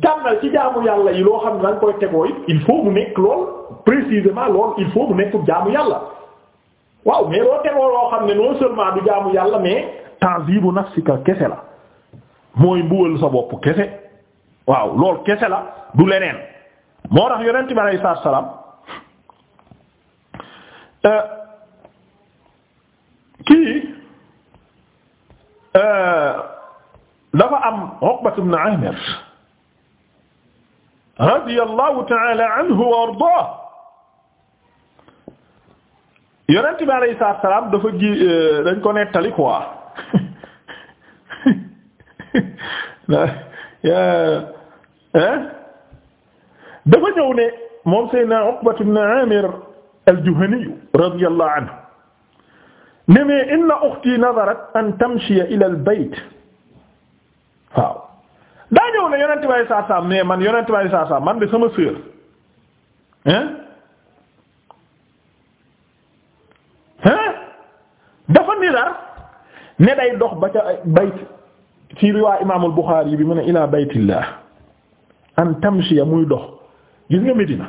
tànnal ci jaamu yàlla yi loo xam ne danga koy tegoo it il faut mu nekk lool précisément lool il faut mu nekk jaamu yàlla waaw mais loo tegoo loo xam ne non seulement du jaamu yàlla mais tanzibu nafsika kese la mooy mbugal sa bopp kese waaw lool kese la du leneen moo tax yonent bi alayhi salaatu salaam euh, kii euh, dafa am Uqbat ibn Amir radiyallahu ta'ala anhu wa ardaah yonent bi alayhi salaam dafa gi euh, dañ ko nettali quoi dafa ñëw ne moom Seydina Uqbatu ibn Aamir al-Juhani radiyallahu anhu ne mais inna ukhti nadarat an tamshiya ila al-bayt waaw daa ñëw ne yonent bi saa saa mais man yonent bi saa saa man de sama sœur hein hein dafa ni ne day dox ba ca bayt ci riwaa imaamul Buxaari bi mu ne ilaa baytillah an tamshiya muy dox gis nga Medina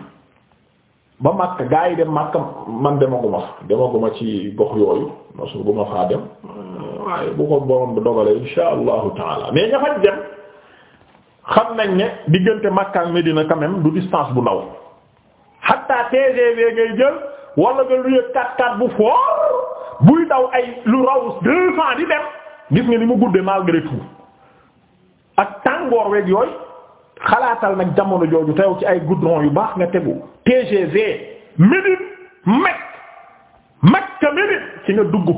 ba Makka gaa yi dem Makka man demaguma demaguma ci gox yooyu masul bu ma faa dem waaye bu ko borom bi dogalee insha allahu taala mais ña fa dem xam nañ ne diggante Makka ak Medina quand même du distance bu ndaw hatta TGV ngay jël wala nga luy 4x4 bu fort buy daw ay lu raw 200 di dem gis nga ni mu guddee malgré tout ak tàngoor weeg yooyu xalaatal nag jamono jooju teew ci ay goudron yu baax nga tegu TGV Médine Mecque Makka Médine ci nga dugg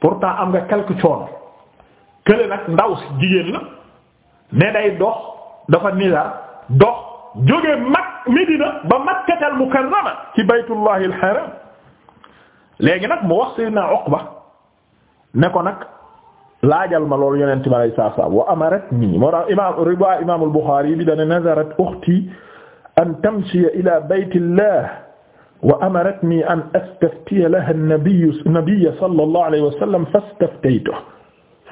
pourtant am nga quelque coono kële nag ndaw si jigéen la. ne day dox dafa nizar dox jóge mag Medina ba Makkatal Mukarrama ci baytullahi al-haram léegi nag mu wax Seydina Uqba ne ko nag laajal ma loolu yonent ma lay saaf wa amaratni moo tax imaam riwaa imaam al-Bukhari bi dana nazarat ukhti an tamshiya ila baytillah wa amaratni an astaftiya laha an-nabiy an-nabiy sallallahu alayhi wa sallam fastaftaytuhu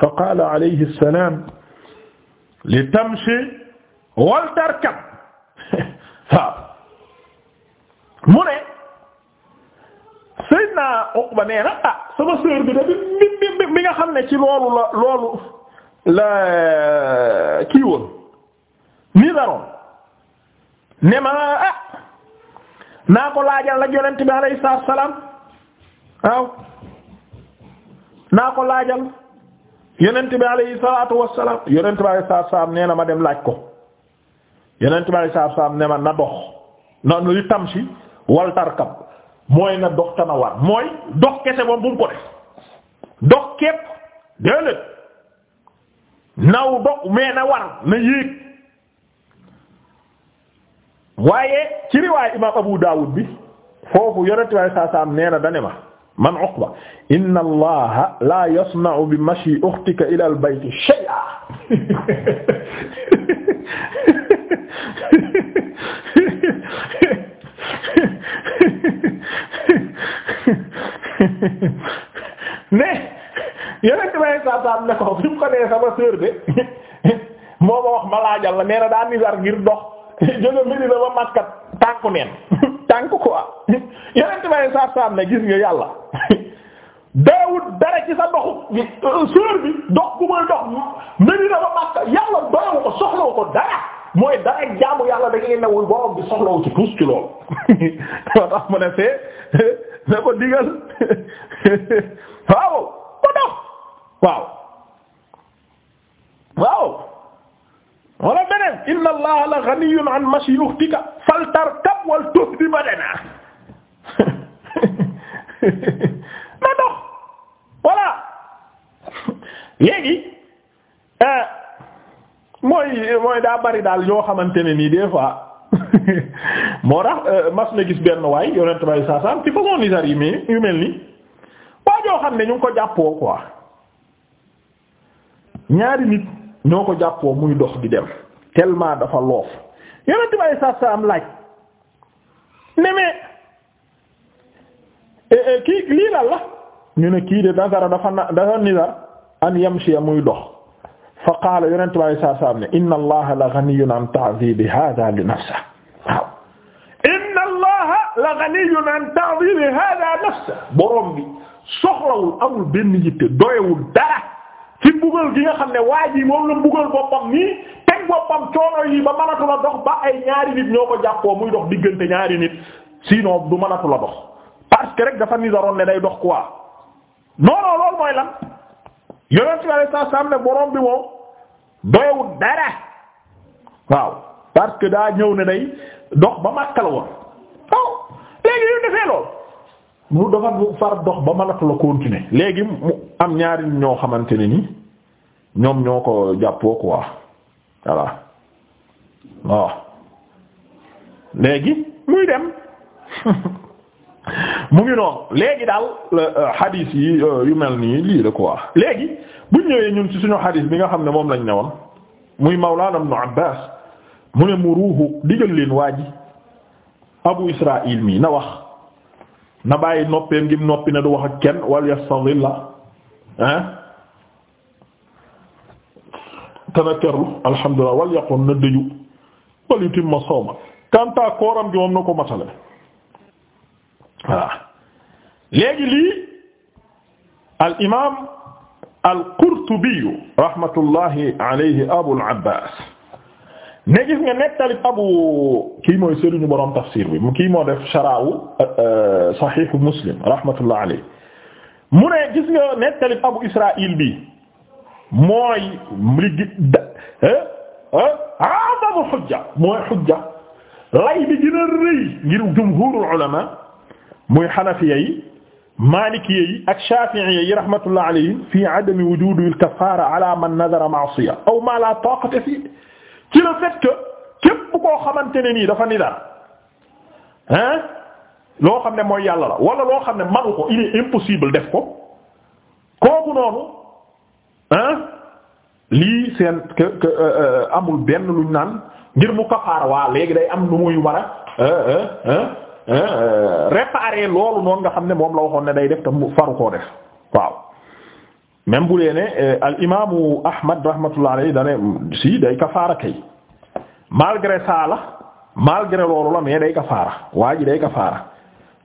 fa qala alayhi as-salam li tamshi wal tarkab waaw mu ne Seydina Uqba nee na ah sama sœur bi da bi bi bi nga xam ne ci loolu la loolu la kii ni daroon ne ma ah, naa ko laajal la yonent bi alayhi salaam waaw naa ko laajal yonent bi alayhi salaatu wassalaam yonent bi alayhi salaatu wassalaam nee ma dem laaj ko yonent bi alayhi salaatu wassalaam ne ma na dox na lu tamsi wal tarkab mooy na dox tana war mooy dox kese moom bu mu ko def dox képp déedéet naw dox mais na war na yéeg waaye ci riwaay imaam Abu Daawud bi foofu yonent bi alayhi salaatu wassalaam dane ma man Uqba inna allaha la yasna'u bi mashi ukhtika ila al bayt shay'an mais yeneen damay saataan ne ko fi mu ko nee sama sœur de moo ma wax ma laajal la nee na daa nisar ngir dox jóge mbiri la ba maskat tànku neen tànk quoi yeneen damay saataan ne gis nga yàlla doyawut dara ci sa doxu sœur bi euh, dox bu dox mari na ba Makka yàlla doyawu ko soxlawu ko dara mooy dara jaamu yàlla da ngay newul borom bi soxlawu ci tuus ci loolu tax mu ne fee digal waaw ko dox inna allaha la ghaniyyun an mashyi ukhtika faltarkab wal tuhdi badana na dox voilà léegi euh, mooy mooy daa bari daal yoo xamante ne nii des fois moo tax euh, mas na gis benn waay yi mii yu mel nii waa joo xam ne ñu ngi ko jàppoo quoi ñaari nit ñoo ko jàppoo muy dox di dem tellement dafa loof yonent bay saa saam laaj Eh, eh, kii lii lan la ñu ne kii de nazara dafa na an yamshiya muy dox fa qaala yonent bi saa ne inna allaha la ghaniyyun an ta'dhibi hadha li nafsihi waaw inna allaha la ghaniyyun an ta'dhibi hadha nafsihi borom bi soxlawul amul benn yitte doyewul dara ci mbugal gi nga xam ne waa moom la mbugal boppam nii teg boppam coono yi ba mënatu dox ba ay ñaari nit ñoo ko jàppoo muy dox diggante ñaari nit sinon du mënatu dox parce que rek dafa ni daroon ne day dox quoi non non loolu mooy lan yonent bi sallallahu alayhi wasallam ne borom bi moom doyewul dara waaw parce que daa ñëw ne day dox ba Makka la woon dox ba mënatu la léegi am ñaari ñoo xamante ne ni ñoom ñoo ko jàppoo quoi voilà léegi muy dem. mu ngi noonu léegi daal euh, hadith yi euh, yu mel nii lii la quoi léegi bu ñëwee ñun ci suñu hadith bi nga xam ne moom lañ newoon muy Mawlana Ibn Abbas mu ne mu ruuxu digal leen waa ji Abu Israa'il mii na wax na bàyyi noppeem gi noppi na du wax ak kenn wal la ah te na kerlu alhamdulillah wal yaqul na dëju wal yutimma sawma kanta kooram gi moom na matale waaw léegi lii al imaam al qurtubi rahmatullahi alayhi abul abbas ne gis nga nettali abu kii mooy sëriñu borom tafsir bi kii moo def sharaawu euh, euh, saxiixu muslim rahmatullahi alayhi mu ne gis nga nettali abu israil bi mooy li gi da ah euh, hujja mooy hujja lay bi gën a rëy ngir jumhuurul ulama muy xanafiya yi maalikiya yi ak shafiiya yi rahmatullah alayhim fi wujudi al-kaffara man nadara ma'siya aw ma la taqata fi ci le fait que képp koo xamante ne nii dafa ni dara hein loo xam ne mooy yàlla wala loo xam ne manu ko il est impossible def ko kooku noonu hein seen euh, euh, amul benn luñ naan ngir mu kafaara waa léegi day am nu muy war euh, Euh, réparer loolu noonu nga xam ne moom la waxoon ne day def te mu faru koo def waaw bu dee ne euh, al imaamu Ahmad rahmatullah alayhi da ne day kafaara kay malgré ça la malgré loolu la mais day kafaara waa ji day kafaara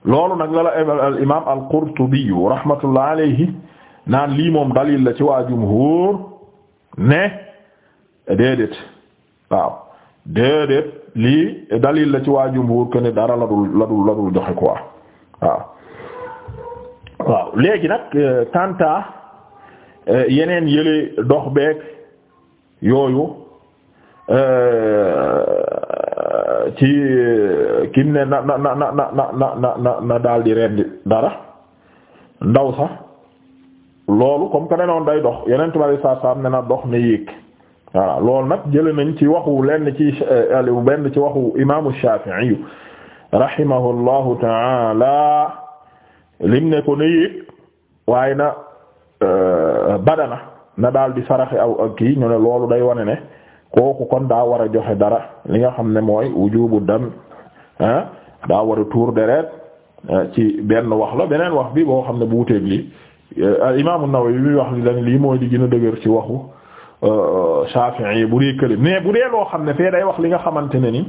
loolu nag la la al imaam al Qurtubi rahmatullah alayhi naan lii moom dalil la ci waa jumhuur ne déedéet waaw. déedéet lii dalil la ci waaju jumhur que ne dara la dul la dul la joxe quoi waaw waaw léegi nag kanta euh, euh, yeneen yële dox beeg yooyu euh, ci kim ne na na na na na na na dara ndaw sax loolu comme que ne noonu day dox yeneen tubaab yi saa saa ne na dox ne yéeg. voilà loolu nag jëlee nañ ci waxu lenn ci euh, aliou benn ci waxu imaamu Shafi'i rahimahullahu ta'ala lim ne ko ne yéeg waaye na euh, badana na daal di saraxe aw ak kii ñu ne loolu day wane ne kooku kon daa war a joxe dara li nga xam ne mooy wujubu dam ah daa war a tuur deret euh, ci benn wax la beneen wax bi boo xam ne bu wuteeg lii imaamu Nawawi bi muy wax li dañ lii mooy di gën a dëgër ci waxu Shafi'i bu dee kële mais bu dee loo xam ne fee day wax li nga xamante ne ni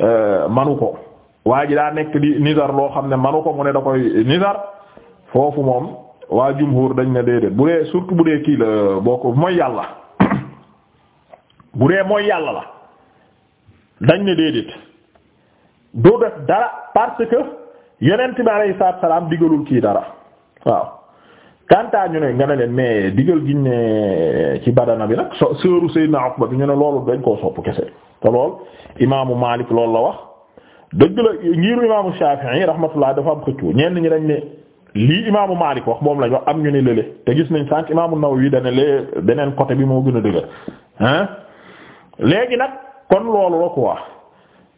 euh, manu ko waa ji daa nekk di nizar loo xam ne manu ko mu ne da koy nizar foofu moom waa jumhur dañ ne déedéet bu dee surtout bu dee kii la bokk mooy yàlla bu dee mooy yàlla la dañ ne déedéet doo def dara parce que yonent bi alayhi salaam digalul kii dara waaw. kantaa ñu ne nga ne leen mais digal giñ ne ci badana bi nag so seeru Seydina Uqba bi ñu ne loolu dañ koo sopp kese te lool imaamu Maalik loolu la wax dëgg la ngiru imaamu Shaafi'i rahmatullah dafa am xëccoo ñenn ñi dañ ne lii imaamu Maalik wax moom lañ wax am ñu ne lële te gis nañ sànq imaamu Nawawi dana lee beneen côté bi moo gën a dëgër hein léegi nag kon loolu la quoi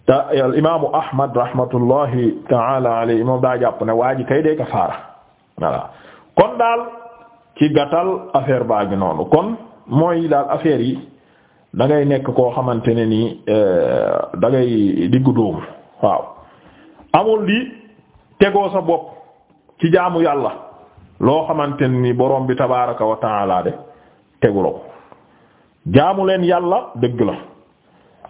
te imaamu Ahmad rahmatullahi ta'ala alayhi moom daa jàpp ne waa ji kay dee kafaara kon daal ci gàttal affaire baa ngi noonu kon mooy daal affaire yi da ngay nekk koo xamante ne ni euh, da ngay diggu dóomu waaw amul di tegoo sa bopp ci jaamu yàlla loo xamante ne ni borom bi tabaaraka wa ta'ala de teguloo jaamu leen yàlla dëgg la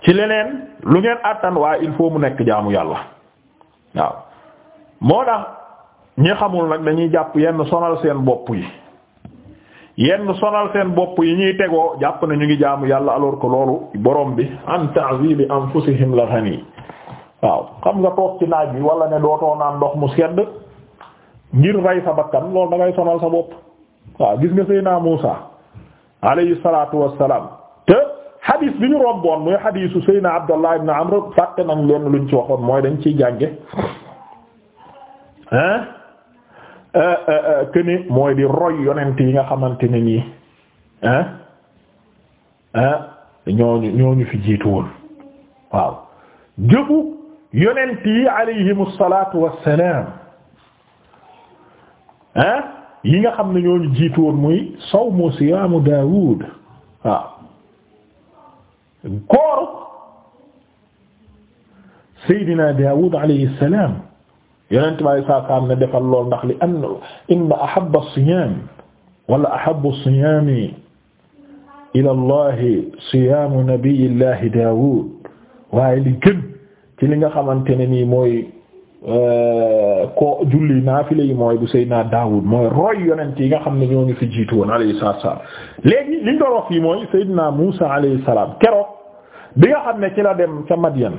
ci leneen lu ngeen àttan waaye il faut mu nekk jaamu yàlla waaw moo tax ñi xamul nag dañuy jàpp yenn sonal seen bopp yi yenn bopp yi ñuy tegoo jàpp na ñu ngi jaamu yàlla alors ko loolu boroom bi an ta'zibi anfusihim la xanii waaw xam nga toog ci naaj bi walla ne dootoo naan ndox mu sedd ngir rey sa bakkan loolu da ngay sonal sa bopp waaw gis nga Seydina Muusa alayhi salaatu wassalaam te xadiis bi ñu romboon muy xadiisu Seydina Abdallah ibn Amr fàtte nañ leen luñ ci waxoon mooy dañ ciy jànge hein këne euh, euh, euh, mooy di roy yonent yi nga xamante ne nii ah ñooñu fi jiitu woon waaw jëfu yonent yi alayhimu salaatu wassalaam ah yi nga xam ne ñooñu jiitu woon muy sawmu siyaamu Daawuud waaw kooru Seydina Daawuud alayhi salaam yonent bi alayhi salaatu salaam ne defal lool ndax li an inna ahabba as-siyaam wala ahabbu as-siyaami li gën li nga xamante ne nii mooy euh, ko julli naafile mooy bu Seydina Daawuud mooy roy yonent yi nga xam ne ñoo ngi fi jiitu woon alayhi salaatu salaam léegi li ñu doon wax fii mooy Seydina Muusaa alayhi salaam keroog bi nga ne ci dem ca Madyan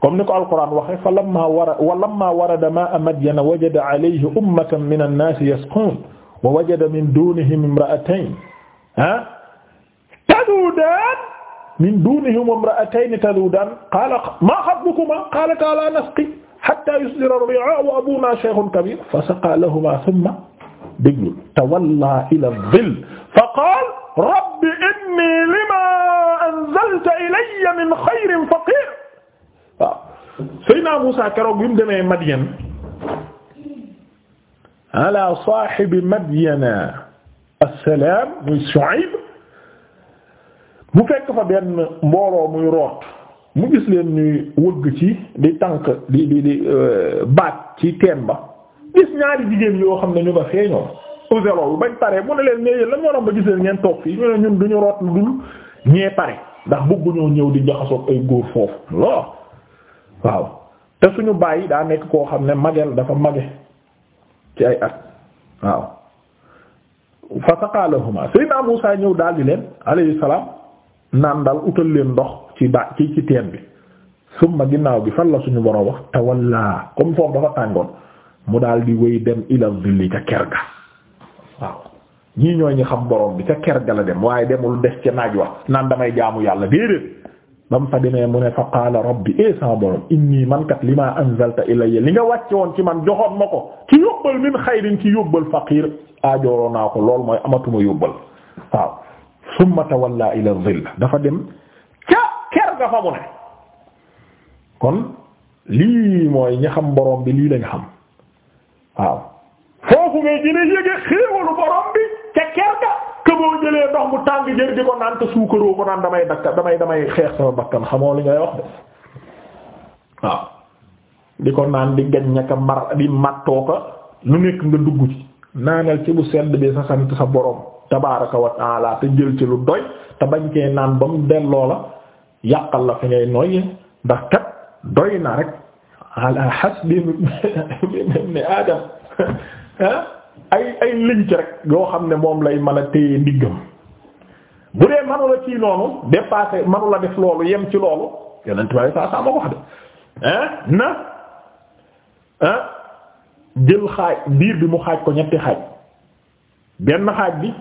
comme ni ko alquran waxe fa lamma wara wa lamma warada ma'a madyana wajada alayhi ummatan min an-nas yasqun wa wajada min dunihim imra'atayn ha tadudan min dunihim imra'atayn tadudan qala ma khatbukuma qalata la nasqi hatta yusdira ar-ri'a wa abuna shaykhun kabir fasaqa lahuma thumma déglu tawalla ila dhill faqala rabbi inni lima anzalta ilayya min khayrin faqir naa Muusaa keroog bi mu demee Madyan ala saahibi Madyana assalaam muy Shuayb bu fekk fa benn mbooloo muy root mu gis leen ñuy wëgg ci di tànk di di di euh, baat ci teen ba gis ñaari jigéen yoo xam ne ñu nga feeñoo auselol bañ pare mu ne leen ñee yéen la ñoroom ba gis leen ngeen toog fii ñu ne ñun duñu root lu dul ñee pare ndax bëgguñoo ñëw di jaxasoog ay góor foofu loo waaw te suñu bàyyi daa nekk koo xam ne magel dafa mage ci ay at waaw fa saqaa lahuma sayyidina Muusaa ñëw daal di leen alayhi salaam naan dal utal leen ndox ci ba ci ci teen bi summa ginnaaw bi fan la suñu borom wax tawalla comme foofu dafa tàngoon mu daal di wéy dem ila zilli ca ker ga waaw ñii ñooy ñi xam borom bi ca ker ga la dem waaye demul des ca naaj wax naan damay jaamu yàlla déedéet ba mu fa demee mu ne fa qaala rabbi e sama borom inni man kat li ma anzalta ilayya li nga wàcce woon ci man joxoon ma ko ci yóbbal min xayrin ci yóbbal faqir aajooroo naa ko lool mooy amatuma yóbbal waaw summa tawalla ila dhill dafa dem ca ker ne kon lii mooy xam borom bi lii lañ xam borom bi ca ker ga que boo jëlee ndox mu tàng jër di ko naan te suukaroo ko naan damay dakka damay damay xeex sama bakkan xamoo li ngay wax de waaw di ko naan di gañ ka mar di mattoo lu nekk nga dugg ci naanal ci bu sedd bi sa sant sa borom tabaaraka wa taala te jël ci lu doy te bañ kee naan ba mu delloo la yàqal la fi ngay noyyi ndax kat doy na rek ala hasbi ibn adam ah ay ay lënc rek yoo xam ne moom lay man a téye ndiggam bu dee manula ci noonu dépassé manula def loolu yem ci loolu yonent bi saa saa ma ko wax de na een jël xaaj biir bi mu xaaj ko ñetti xaaj benn xaaj bi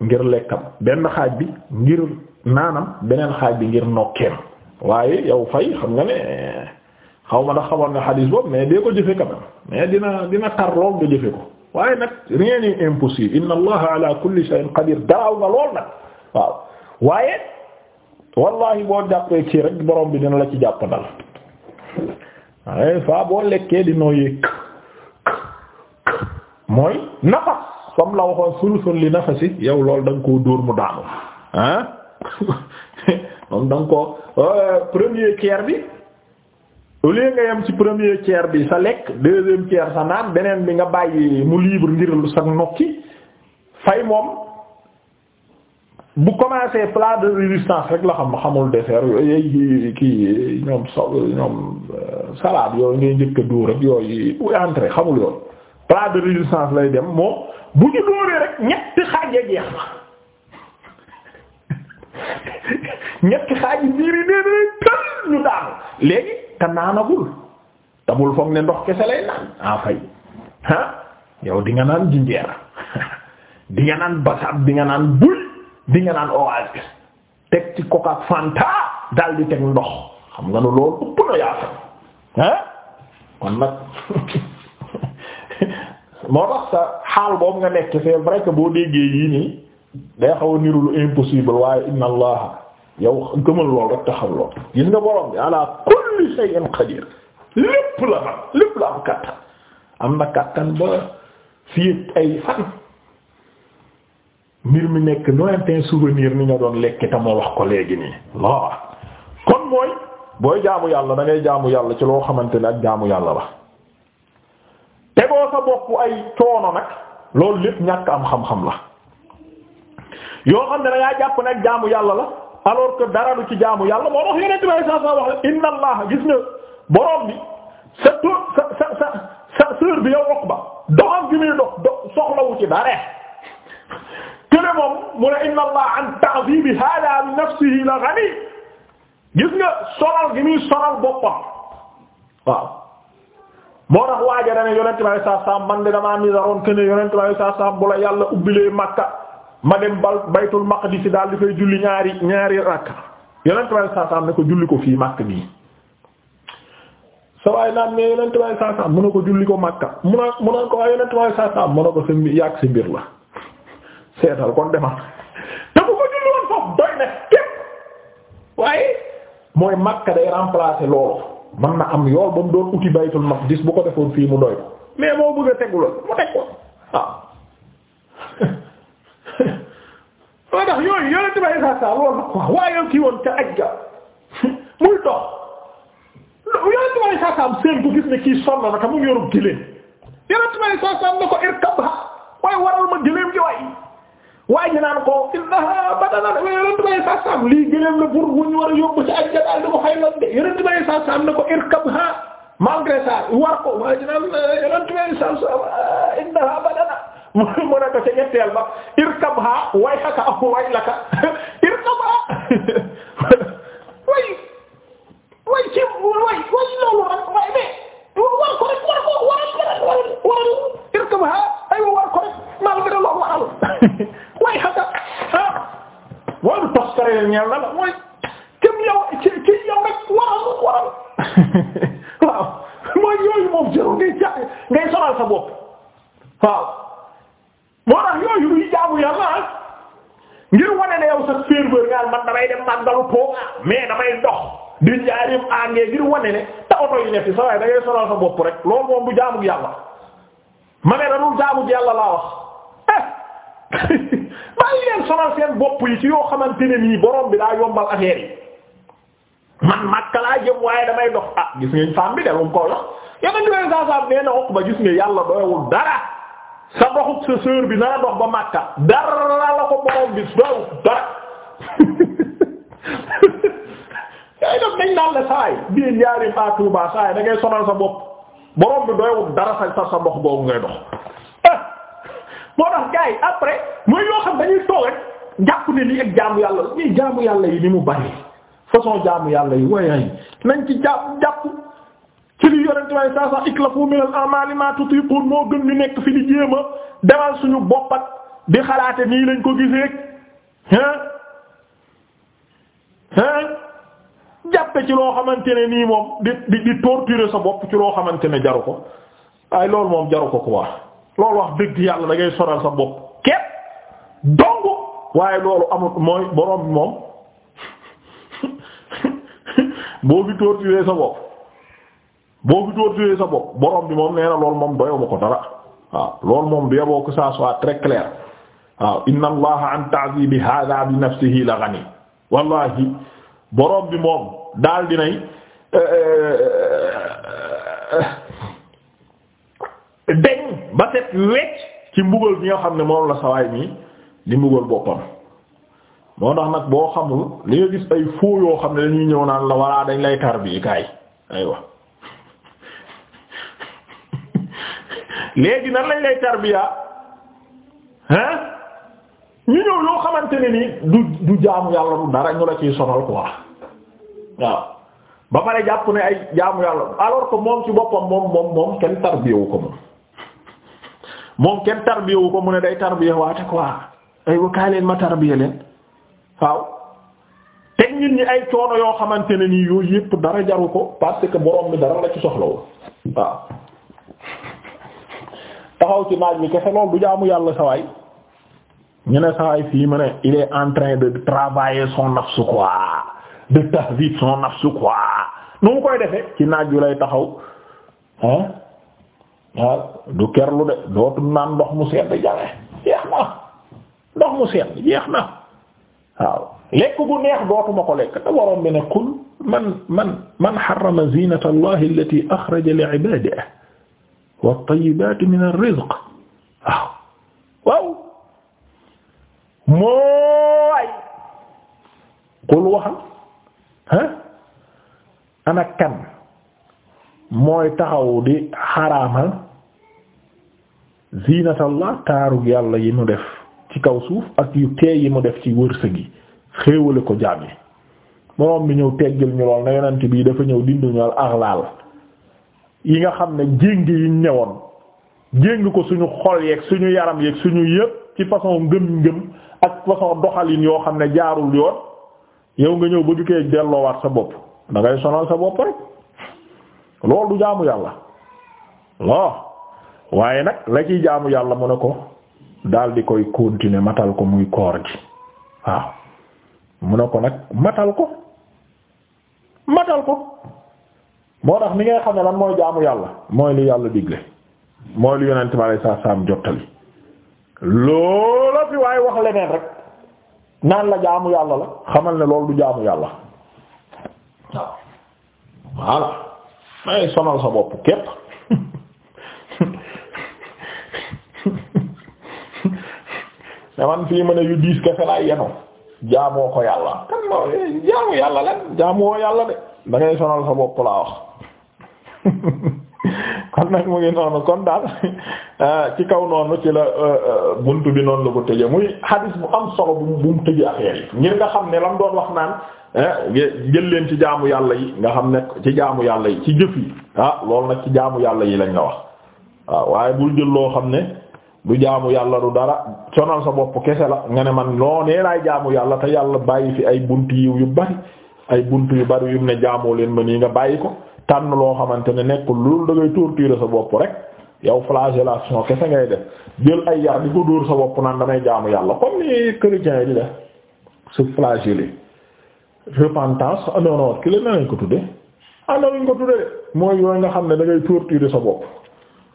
ngir lekkam benn xaaj bi ngir naanam beneen xaaj bi ngir nokkeem waaye yow fay xam nga ne xaw ma da xamoon nga xadiis boobu mais dee ko jëfe quand mais dina dina tar lool nga jëfe ko waaye nag rien n'est impossible inna allaha ala kulli shay'in qadir daaw na lool nag waaw waaye wallahi boo jàppee ci rek borom bi dina la ci jàppandal waaye fa boo lekkee di nooyee mooy nafas comme la waxoon sulusun li nafasi yow loolu da ko koo dóor mu daanu ah moom da ko euh, premier tiers bi au lieu nga yem ci premier tiers bi sa lekk deuxième tiers sa naan beneen bi nga bàyyi mu libre ngir sa nokki fay moom bu commencé plat de résistance rek la xam xamul dessert yooyu kii ñoom so ñoom salade yooyu ngay njëkk a dóor rek yooyu bu entrée xamul yoon plat de résistance lay dem moom bu ñu dóoree rek ñetti xaaja jeex na ñetti xaaji biir yi nee na ñu daanu léegi. te naanagul te bul foog ne ndox kese lay naan en ah, fay ah yow di nga naan jinjeera di nga naan basaab di nga naan buy di naan oasis teg ci coca ak fanta di teg ndox xam nga ne loolu ëpp na yaa fay ah kon nag moo tax sa xaal boobu nga nekk c'est vrai que boo déggee yii nii day xaw a impossible waaye inna allah. yow gëmal lool rek te lool gis nga borom bi ala kulli shay'in qadir lépp la man lépp la am kattan am na kattan ba fii ay fan mbir mi nekk lointain souvenir ni nga doon lekk te wax ko léegi nii loo kon mooy booy jaamu yàlla dangay ngay jaamu yàlla ci loo xamante ni ak jaamu yàlla la tegoo sa bopp ay coono nag loolu lépp ñàkk am xam-xam la yoo xam ne da ngaa jàpp jaamu yàlla la. alors que dara du ci jaamu yàlla moo tax yeneen tubaab inna allah gis nga borom bi sa tur sa sa sa sa sœur bi yow Uqba gi muy dox soxlawu ci dara kene moom mu ne inna allah an ta'dhibi hada bi nafsihi la ghani gis nga sonal gi muy sonal boppam moo tax waaja dane yonent bi man de damaa misaroon que ne yonent bi saa saa bu la yàlla ubbilee Makka. ma dem bal baytul maqdis daal di koy julli ñaari ñaari rakka yonent bi saa saa ne ko julli ko fii Makka bii sa waay naan mais yonent bi saa saa mën na ko julli ko Makka mun a mun a ko waaye yonent bi saa saa mën na ko sa yàgg si mbir la seetal kon demal te bu ko julli woon foofu doy na képp waaye mooy Makka day remplacer loolu man na am yool ba mu doon uti baytul maqdis bu ko defoon fii mu doy mais moo bëgg a tegu mu teg ko moo tax yooyu yooyu di may saa saa loolu nag waaw waaye kii woon ca ajja muy dox yooyu di may saa saa am seen ko gis ne kii sonn na te mu ngi yoru giléem yooyu di may saa saa am na ko irkab ha waaye waral ma giléem ji waay waaye ñu naan ko innaha badana yonent bi saa saam lii gëléem la pour bu ñu war a yóbbu ci àjjana daal di ko xayma de yonent bi saa saam ne ko irkabha malgré ça war ko waaye ñu naan yonent bi saa saam innaha badana mu ne ko ca ñetteel ba irkabha way xaka ak way laka irkabha way way ci way way loolu rek way mais war ko rek war ko war ko war war irkabha ay war ko rek malgré loolu waral way xaka ah walu toskare ñeel na la way kim yow ci ci yow rek waral waral waaw mooy yooyu moom jëru ngay jaay ngay sonal sa bopp waaw moo tax yooyu luy jaamu yàlla ah. ngir wane ne yow sa ferveur nga man damay dem màggalu tooga mais damay dox di njaarim àngee ngir wane ne te oto yi ne fi sa waaye da ngay sonal sa bopp rek loolu moom du jaamu yàlla ma ne danul jaamu yàlla laa wax maa eh! ngi leen sonal seen bopp yi ci yoo xamante ne nii borom bi daa yombal affaire yi man Makka laa jëm waaye damay dox ah gis ngeen femme bi de lu mu ko wax yenn ñi koy sàmm nee na ok ba gis nga yàlla doyawul dara. sa doxuk sa bi nana dox ba Makka dara la ko borom bi doow dara yaay daf nañ naan la saay bii njaari ma Tuuba saay da ngay sonal sa bopp borom bi doywu dara sa sa sa dox boobu ngay dox ah! moo tax gars yi après mooy yoo xam dañuy toog rek jàpp ne lii ak jaamu yàlla lii jaamu yàlla yi ni mu bari façon jaamu yàlla yi waaye nañ ci jàpp jàpp ci li yonente waaye saa sax iklafu min al a'mali ma moo gën ñu nekk fi di jéem demal suñu boppat di xalaate nii lañ ko gisee hein hein jàppe ci loo xamante ne nii moom di di di sa bopp ci loo xamante ne jaru ko waaye loolu moom jaru ko quoi loolu wax dëgg yàlla da ngay soral sa bopp képp dong waaye loolu amut mooy borom moom boo fi sa bopp boo fi torturé sa bopp borom bi moom nee na loolu moom doyoo ma ko dara waaw loolu moom du yaboo que ça soit très clair waaw inna allaha an ta'zibi bi nafsihi bi moom daal dinay euh, euh, euh, deñ mbugal bi nga xam ne moom la sawaay mi di mbugal boppam moo tax nag boo xamul li nga gis ay foo yoo xam ne dañuy ñëw naan la walla dañ lay tarbi kaay léegi nan lañ lay tarbiya hein ñu ñëw loo xamante ne ni du du jaamu yàlla du dara ñu la ciy sonal quoi waaw ba pare jàpp ne ay jaamu yàlla alors que moom ci boppam moom moom kenn tarbiyewu ko moom moom kenn tarbiyewu ko mu ne day tarbiye waate quoi ay wakaay leen ma tarbiye leen waaw teg nit ñi ay coono yoo xamante ne nii yooyu yépp dara jaru ko parce que borom bi dara la ci soxla waaw taxaw ci naaj bi kese loolu du jaamu yàlla sawaay ñu ne sawaay fii ma ne il est en train de travailler son nafsu quoi de tahzib son nafsu quoi nu mu koy defee ci naaj wi lay taxaw ah waaw du kerlu de dootul naan ndox mu sedd jale jeex na ndox mu sedd jeex na waaw lekk gu neex dootuma ko lekk te waroon bi ne qul man man man harrama zinata allahi allati axraja li ibadihi wat-tayyibaati min ar-rizq waaw waaw mooy qul waxal ah ana kan mooy taxaw di xaraamal ziinatallah taarug yàlla yi mu def ci kaw suuf ak yu teey yi mu def ci wërsëg yi xéewale ko jaam yi boroom bi ñëw teggil ñu lool na yonent bi dafa ñëw dindu ñu al aghlaal yi nga xam ne jéng yi ñëwoon jéng ko suñu xol yeeg suñu yaram yeeg suñu yëpp ci façon ngëm-ngëm ak façon doxalin yoo xam ne jaarul yoon yow nga ñëw ba jukkee delloowaat sa bopp dangay ngay sonal sa bopp rek loolu jaamu yàlla loo waaye nag la ciy jaamu yàlla mu ne ko dal di koy continuer matal ko muy koor gi waaw mu ne ko nag matal ko matal ko moo tax ni ngay xam ne lan mooy jaamu yàlla mooy li yàlla digle mooy lu yonent bi alayhi salaam jottali loola fi waaye wax leneen rek naan la jaamu yàlla la xamal ne loolu du jaamu yàlla waaw voilà may sonal sa bopp a yu jaamu yàlla len jaamu woo yàlla de da sonal sa bopp laa wax kon nag mu ngi noonu kon daal ah, ci kaw noonu ci la euh, euh, bunt bi noonu la ko tëjee muy hadis bu am solo bu bu mu tëjee affaire yi ngir nga xam ne lam doon wax naan ah, jël leen ci jaamu yàlla yi nga xam ne ci jaamu yàlla yi ci jëf ah, loolu nag ci jaamu yàlla yi lañ la wax waaw waaye bul jël loo xam ne du jaamu yàlla du dara sonal sa bopp kese la nga ne man noo nee laay jaamu yàlla te yàlla bàyyi fi ay bunt yiw yu bari ay buntu yu bari yu mu ne jaamoo leen ma nii nga bàyyi ko tànn loo xamante ne nekkul loolu da ngay torturer sa bopp rek yow flagellation kese ngay def jël ay yar di ko dóor sa bopp naan damay jaamu yàlla comme ni chrétiens yi di def se flageller repentance ah non non ki la na lañ ko tudde ah na lañ ko tudde mooy yooyu nga xam ne dangay ngay torturer sa bopp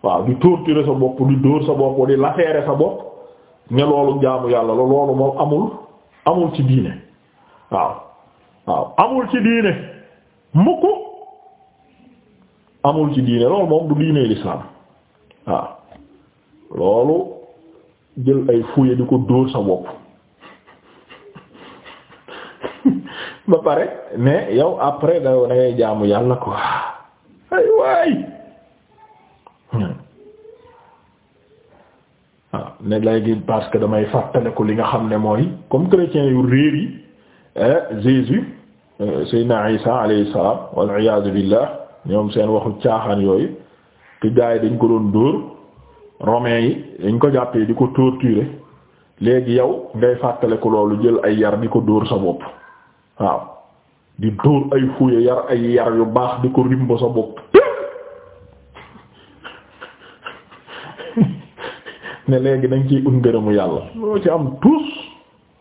waaw di torturer sa bopp di dóor sa bopp di lafeere sa bopp ne loolu jaamu yàlla la loolu moom amul amul ci diine waaw waaw amul ci diine mukk amul ci diine loolu moom du diine l'islam waaw loolu jël ay fuye di ko dóor sa bopp ba pare mais yow après da ngay jaamu yàlla quoi ay waay hmm. ah, ne léegi parce que damay fàttaliku li nga xam ne mooy comme chrétien yu réer yi eh, Jésus eh, Seydina Isa alayhi salaam wal iyaadu ñoom seen waxu caaxaan yooyu te gars yi dañ ko doon dóor romain yi dañ ko jàppee di ko ture léegi yow ngay fàttale ko loolu jël ay yar di ko dóor sa bopp waaw di dóor ay fuye yar ay yar yu baax di ko rimbo sa bopp ne léegi dañ ciy ut ngërëmu yàlla loo ci am tuus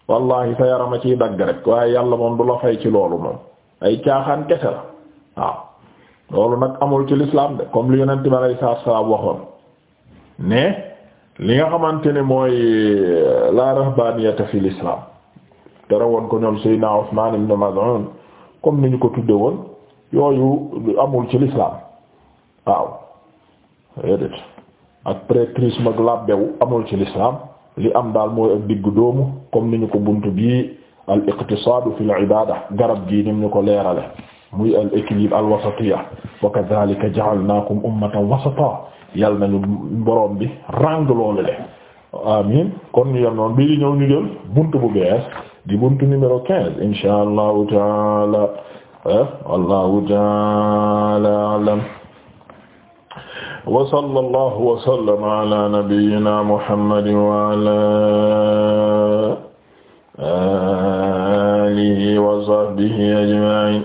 wallahi sa yarama ciy dagg rek waaye yàlla moom du la fay ci loolu moom ay caaxaan kese la loolu nag amul ci l'islam de comme lu yonent bi alayhi salaam waxoon ne li nga xamante ne mooy euh, la rahbaniyata fi l'islam dara woon ko ñoom Seydina Usman ibn Maz'un comme ni ñu ko tudde woon yooyu amul ci l'islam waaw déedéet ak prêtrisme ak labbewu amul ci lislaam li am daal mooy ak diggu doomu comme ni ñu ko bunt bii al iqtisaadu fil ibaada garab gii nim ñu ko leerale muy al équilibre al wasatiya wa kadhalika ja'alnakum ummatan wasata yal nañu boroom bi ràng loolu le amin kon ñu yem noonu bii di ñëw ñu jël buntu bu bees di buntu numéro quinze insha allahu taala wallahu eh? taala alam wa sallallahu wa sallama ala nabiyyina muhammadin wa ala alihi wa sahbihi ajma'in